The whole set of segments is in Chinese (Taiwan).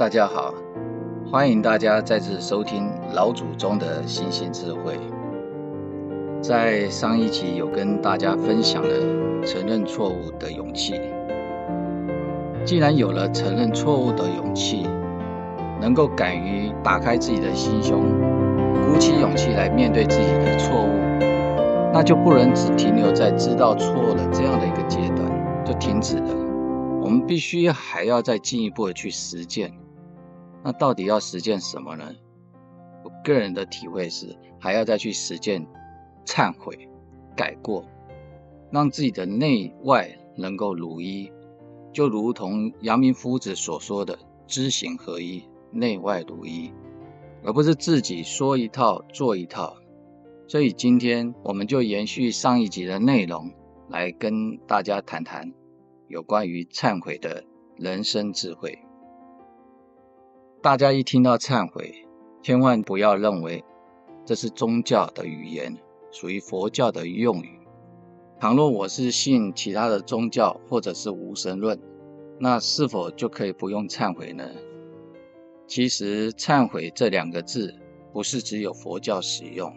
大家好，歡迎大家再次收聽老祖宗的心性智慧。在上一期有跟大家分享了承認錯誤的勇氣。既然有了承認錯誤的勇氣，能夠敢於打開自己的心胸，鼓起勇氣來面對自己的錯誤，那就不能只停留在知道錯了這樣的一個階段，就停止了。我們必須還要再進一步的去實踐。那到底要實踐什麽呢？我個人的體會是，還要再去實踐懺悔、改過，讓自己的內外能夠如一，就如同陽明夫子所說的“知行合一，內外如一”，而不是自己說一套做一套。所以今天我們就延續上一集的內容，來跟大家談談有關於懺悔的人生智慧。大家一聽到懺悔，千萬不要認為這是宗教的語言，屬於佛教的用語。倘若我是信其他的宗教或者是無神論，那是否就可以不用懺悔呢？其實“懺悔”這兩個字不是只有佛教使用。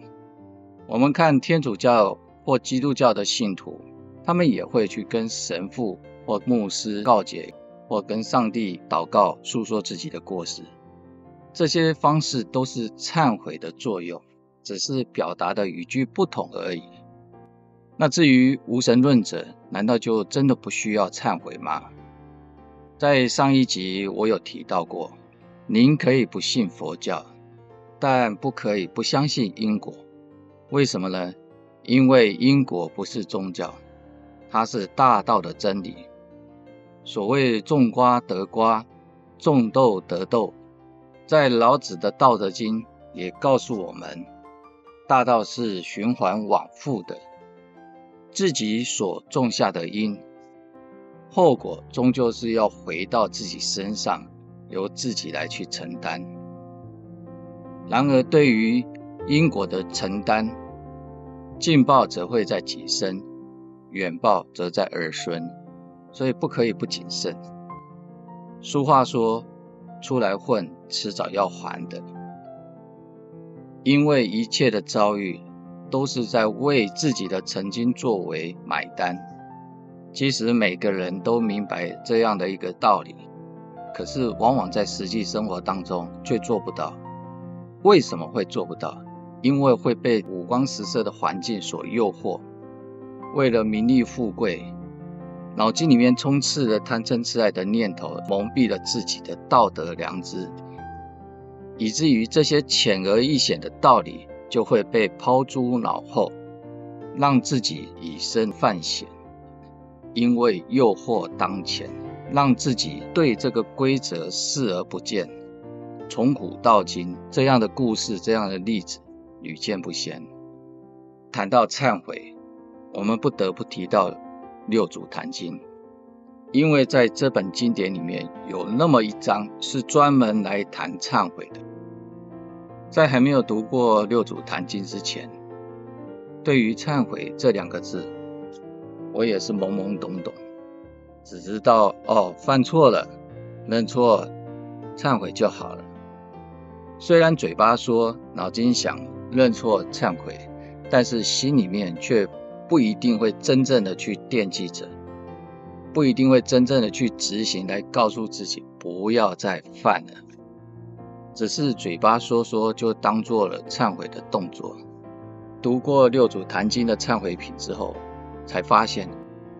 我們看天主教或基督教的信徒，他們也會去跟神父或牧師告解。或跟上帝禱告、訴說自己的過失，這些方式都是懺悔的作用，只是表達的語句不同而已。那至於無神論者，難道就真的不需要懺悔嗎？在上一集我有提到過，您可以不信佛教，但不可以不相信因果。為什麼呢？因為因果不是宗教，它是大道的真理。所謂種瓜得瓜，種豆得豆，在老子的《道德經》也告訴我們，大道是循環往復的。自己所種下的因，後果終究是要回到自己身上，由自己來去承擔。然而，對於因果的承擔，近報則會在己身，遠報則在兒孫。所以不可以不謹慎。俗話說：“出來混，遲早要還的。”因為一切的遭遇都是在為自己的曾經作為買單。其實每個人都明白這樣的一個道理，可是往往在實際生活當中卻做不到。為什麼會做不到？因為會被五光十色的環境所誘惑，為了名利富貴。腦筋裡面充斥了貪嗔癡愛的念頭，蒙蔽了自己的道德良知，以至於這些淺而易顯的道理就會被拋諸腦後，讓自己以身犯險。因為誘惑當前，讓自己對這個規則視而不見。從古到今，這樣的故事、這樣的例子屢見不鮮。談到懺悔，我們不得不提到。《六祖壇經》，因為在這本經典裡面有那麼一章是專門來談懺悔的。在還沒有讀過《六祖壇經》之前，對於“懺悔”這兩個字，我也是懵懵懂懂，只知道哦，犯錯了，認錯，懺悔就好了。雖然嘴巴說，腦筋想認錯懺悔，但是心裡面卻……不一定會真正的去惦記着，不一定會真正的去執行，來告訴自己不要再犯了，只是嘴巴說說，就當做了懺悔的動作。讀過六祖壇經的懺悔品之後，才發現，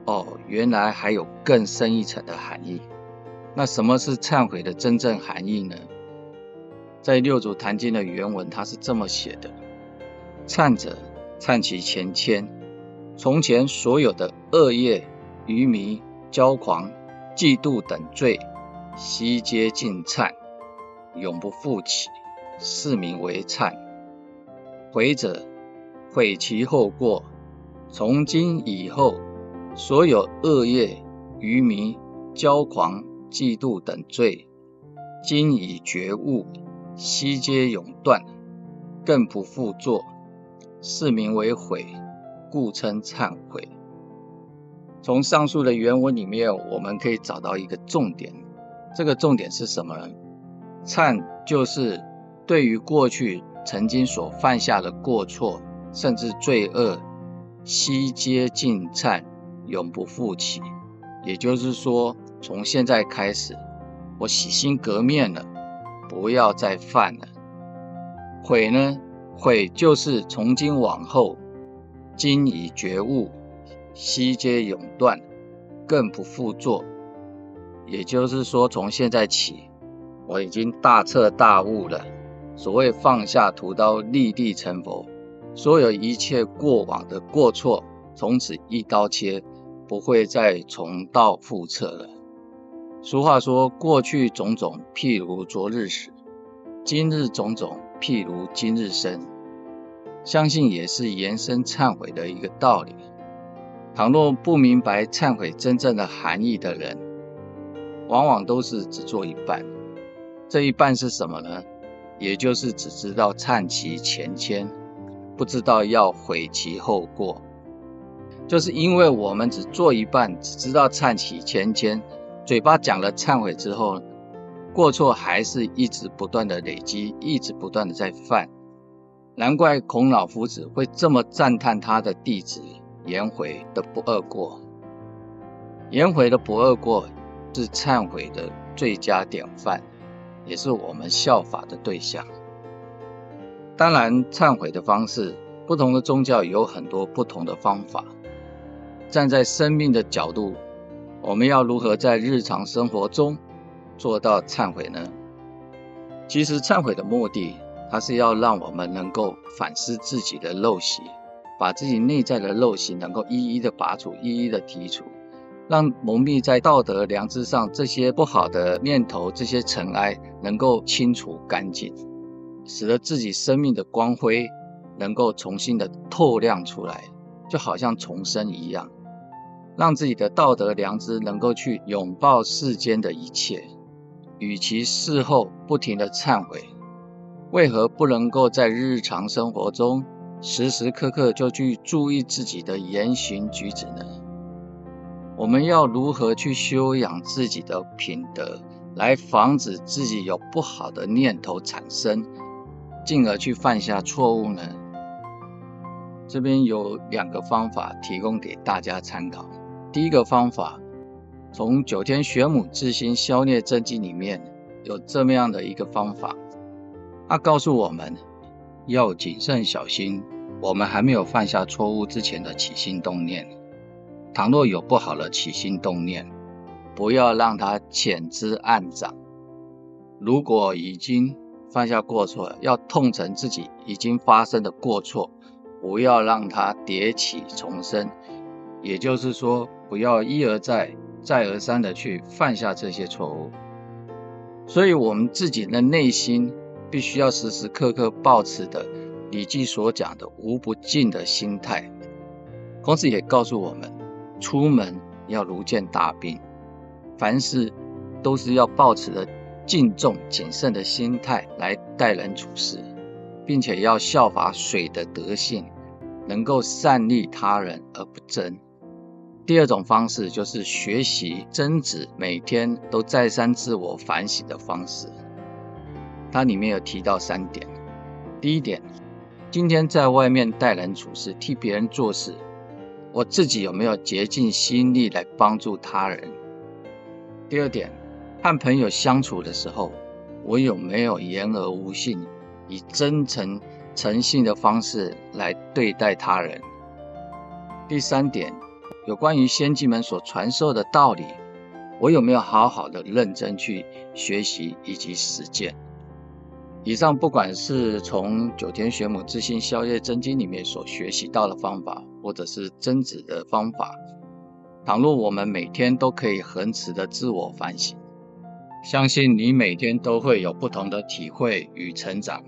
哦，原來還有更深一層的含義。那什麼是懺悔的真正含義呢？在六祖壇經的原文，它是這麼寫的：懺者，懺其前愆。從前所有的惡業、愚迷、驕狂、嫉妒等罪，悉皆盡懺，永不復起，是名為懺。悔者，悔其後過，從今以後，所有惡業、愚迷、驕狂、嫉妒等罪，今已覺悟，悉皆永斷，更不復作，是名為悔。故稱懺悔。從上述的原文裡面，我們可以找到一個重點，這個重點是什麼呢？懺就是對於過去曾經所犯下的過錯，甚至罪惡，悉皆盡懺，永不復起。也就是說，從現在開始，我洗心革面了，不要再犯了。悔呢？悔就是從今往後，今已覺悟，悉皆永斷，更不復作。也就是說，從現在起，我已經大徹大悟了。所謂放下屠刀，立地成佛。所有一切過往的過錯，從此一刀切，不會再重蹈覆轍了。俗話說，過去種種譬如昨日死，今日種種譬如今日生。相信也是延伸懺悔的一個道理。倘若不明白懺悔真正的含義的人，往往都是只做一半。這一半是什麼呢？也就是只知道懺其前愆，不知道要悔其後過。就是因為我們只做一半，只知道懺其前愆，嘴巴講了懺悔之後，過錯還是一直不斷的累積，一直不斷的在犯。難怪孔老夫子會這麼讚歎他的弟子顏回的不貳過。顏回的不貳過是懺悔的最佳典範，也是我們效法的對象。當然，懺悔的方式，不同的宗教有很多不同的方法。站在生命的角度，我們要如何在日常生活中做到懺悔呢？其實，懺悔的目的。它是要讓我們能夠反思自己的陋習，把自己內在的陋習能夠一一的拔除、一一的剔除，讓蒙蔽在道德良知上這些不好的念頭、這些塵埃能夠清除乾淨，使得自己生命的光輝能夠重新的透亮出來，就好像重生一樣，讓自己的道德良知能夠去擁抱世間的一切，與其事後不停的懺悔。為何不能夠在日常生活中時時刻刻就去注意自己的言行舉止呢？我們要如何去修養自己的品德，來防止自己有不好的念頭產生，進而去犯下錯誤呢？這邊有兩個方法提供給大家參考。第一個方法，從九天玄母至心消孽真經裡面有這麼樣的一個方法。他告訴我們，要謹慎小心，我們還沒有犯下錯誤之前的起心動念。倘若有不好的起心動念，不要讓它潛滋暗長。如果已經犯下過錯了，要痛懲自己已經發生的過錯，不要讓它疊起重生。也就是說，不要一而再、再而三的去犯下這些錯誤。所以，我們自己的內心。必須要時時刻刻保持的《禮記》所講的“無不敬”的心態。同時也告訴我們，出門要如見大賓，凡事都是要保持著敬重、謹慎的心態來待人處事，並且要效法水的德性，能夠善利他人而不爭。第二種方式就是學習曾子，每天都再三自我反省的方式。它裡面有提到三點：第一點，今天在外面待人處事、替別人做事，我自己有沒有竭盡心力來幫助他人？第二點，和朋友相處的時候，我有沒有言而無信，以真誠、誠信的方式來對待他人？第三點，有關於先知們所傳授的道理，我有沒有好好的認真去學習以及實踐？以上不管是從《九天玄母自性消業真經》裡面所學習到的方法，或者是曾子的方法，倘若我們每天都可以恆持的自我反省，相信你每天都會有不同的體會與成長。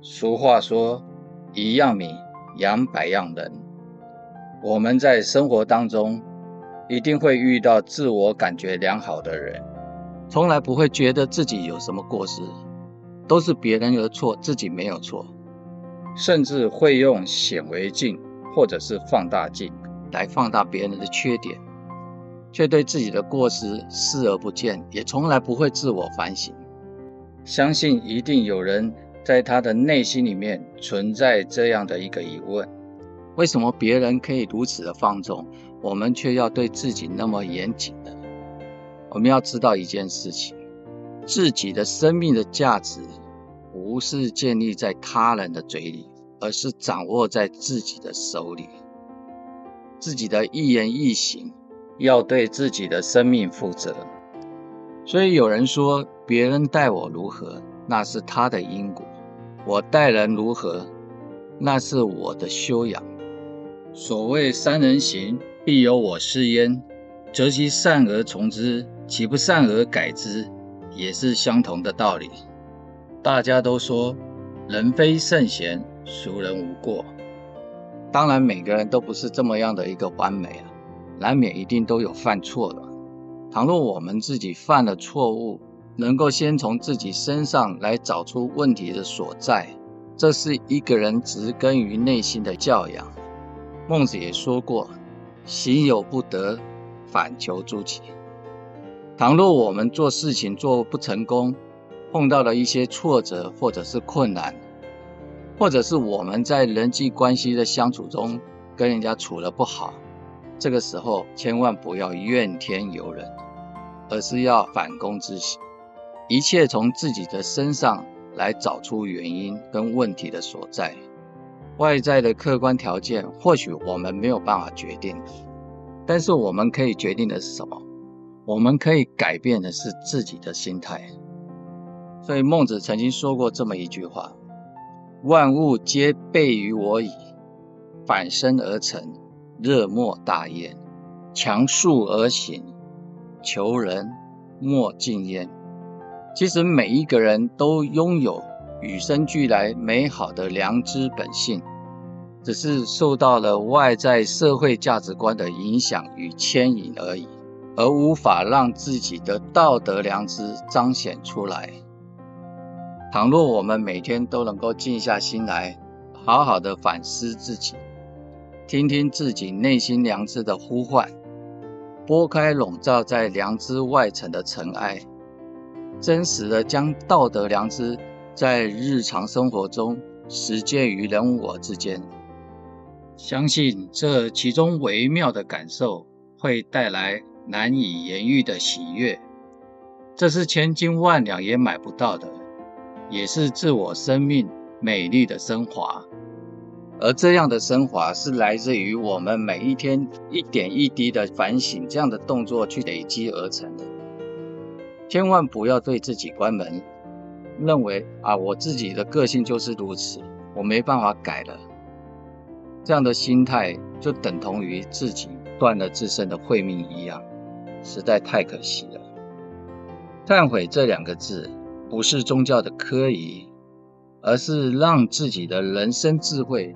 俗話說：“一樣米養百樣人。”我們在生活當中一定會遇到自我感覺良好的人，從來不會覺得自己有什麼過失。都是別人的錯，自己沒有錯，甚至會用顯微鏡或者是放大鏡來放大別人的缺點，卻對自己的過失視而不見，也從來不會自我反省。相信一定有人在他的內心裡面存在這樣的一個疑問：為什麼別人可以如此的放縱，我們卻要對自己那麼嚴謹呢？我們要知道一件事情：自己的生命的價值。不是建立在他人的嘴裡，而是掌握在自己的手裡。自己的一言一行，要對自己的生命負責。所以有人說，別人待我如何，那是他的因果；我待人如何，那是我的修養。所謂三人行，必有我師焉，擇其善而從之，其不善而改之，也是相同的道理。大家都說，人非聖賢，孰人無過？當然，每個人都不是這麼樣的一個完美啊，難免一定都有犯錯的。倘若我們自己犯了錯誤，能夠先從自己身上來找出問題的所在，這是一個人植根於內心的教養。孟子也說過，行有不得，反求諸己。倘若我們做事情做不成功，碰到了一些挫折，或者是困難，或者是我們在人際關係的相處中跟人家處得不好，這個時候千萬不要怨天尤人，而是要反躬自省，一切從自己的身上來找出原因跟問題的所在。外在的客觀條件或許我們沒有辦法決定的，但是我們可以決定的是什麼？我們可以改變的是自己的心態。所以孟子曾經說過這麼一句話：“萬物皆備於我矣，反身而誠，樂莫大焉；強恕而行，求仁莫近焉。”其實每一個人都擁有與生俱來美好的良知本性，只是受到了外在社會價值觀的影響與牽引而已，而無法讓自己的道德良知彰顯出來。倘若我們每天都能夠靜下心來，好好的反思自己，聽聽自己內心良知的呼喚，撥開籠罩在良知外層的塵埃，真實的將道德良知在日常生活中實踐於人我之間，相信這其中微妙的感受會帶來難以言喻的喜悅，這是千金萬兩也買不到的。也是自我生命美麗的升華，而這樣的升華是來自於我們每一天一點一滴的反省，這樣的動作去累積而成的。千萬不要對自己關門，認為啊，我自己的個性就是如此，我沒辦法改了。這樣的心態就等同於自己斷了自身的慧命一樣，實在太可惜了。懺悔這兩個字，不是宗教的科儀，而是讓自己的人生智慧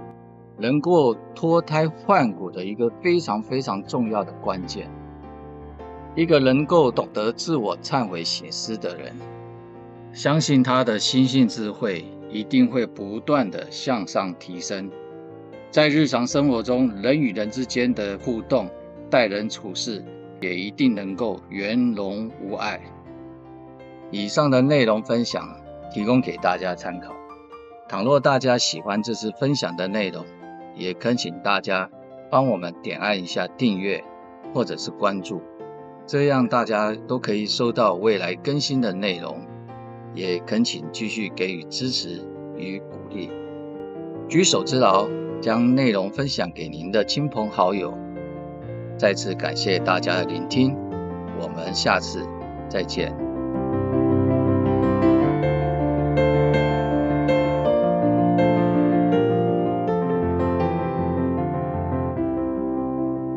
能夠脫胎換骨的一個非常非常重要的關鍵。一個能夠懂得自我懺悔、省思的人，相信他的心性智慧一定會不斷的向上提升，在日常生活中人與人之間的互動、待人處事，也一定能夠圓融無礙。以上的內容分享提供給大家參考。倘若大家喜歡這次分享的內容，也懇請大家幫我們點按一下訂閱或者是關注，這樣大家都可以收到未來更新的內容。也懇請繼續給予支持與鼓勵，舉手之勞將內容分享給您的親朋好友。再次感謝大家的聆聽，我們下次再見。